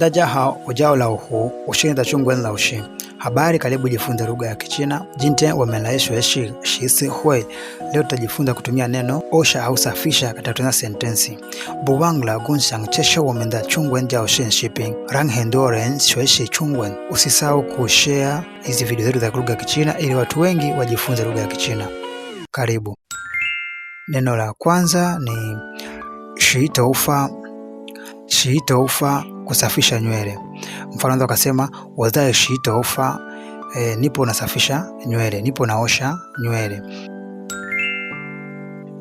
大家好，我叫老胡，我是你的中文老师。Habari, karibu jifunze lugha ya Kichina. Jinte wamelaishweshi shisi hui. Leo tutajifunza kutumia neno osha au safisha katika kutengeneza sentensi. Buwangla gunshang chesho wamenda chungwen jao shen shipping. Rang hendoren shweshi chungwen. Usisahau kushare hizi video zetu za lugha ya Kichina ili watu wengi wajifunze lugha ya Kichina. Karibu. Neno la kwanza ni shi toufa. Shi toufa kusafisha nywele. Mfano ndo akasema wazae shito ofa e, nipo nasafisha nywele, nipo naosha nywele.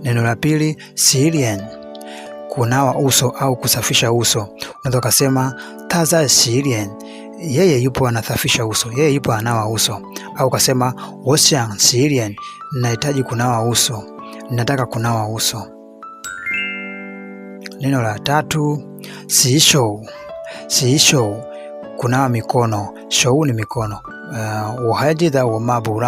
Neno la pili silian, kunawa uso au kusafisha uso. Unaweza kusema taza silian, yeye yupo anasafisha uso, yeye yupo anawa uso. Au kusema wasian silian, nahitaji kunawa uso, nataka kunawa uso. Neno la tatu siishou show kunawa mikono shou ni mikono uh,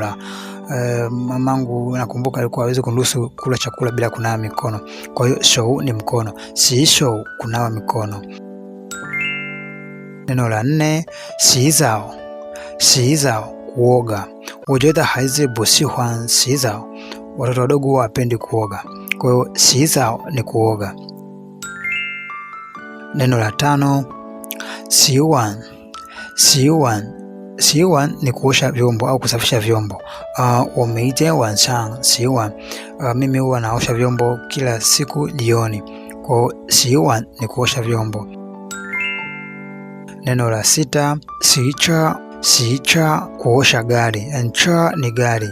la uh, mamangu nakumbuka alikuwa hawezi kuruhusu kula chakula bila kunawa mikono. Kwa hiyo shou ni mkono, siishou kunawa mikono. Neno la nne siizao siizao kuoga. Wojeda haizi busihuan shiizao, watoto wadogo huwa wapendi kuoga. Kwa hiyo shiizao ni kuoga. Neno la tano siuan. Siuan, siuan ni kuosha vyombo au kusafisha vyombo. Uh, ah, umeite wanshang siuan. Uh, mimi huwa naosha vyombo kila siku jioni. Kwa siuan ni kuosha vyombo. Neno la sita siicha. Siicha kuosha gari. Ncha ni gari.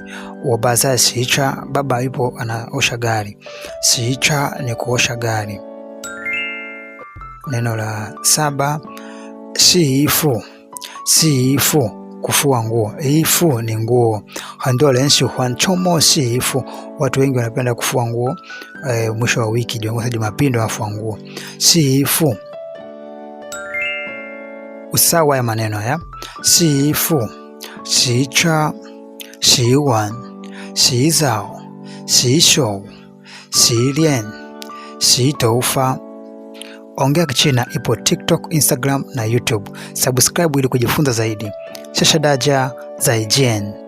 Wabaza siicha baba ipo anaosha gari. siicha ni kuosha gari. Neno la saba, siifu siifu kufua nguo. Ifu ni nguo. Handuo lensi huan chomo sifu. Watu wengi wanapenda kufua nguo e, mwisho wa wiki Jumapili ndio wafua nguo. siifu Usawa ya maneno ya sifu, sicha, shou sizao, sishou, silian, sitoufa Ongea Kichina ipo TikTok, Instagram na YouTube. Subscribe ili kujifunza zaidi. Shashadaja zaijen.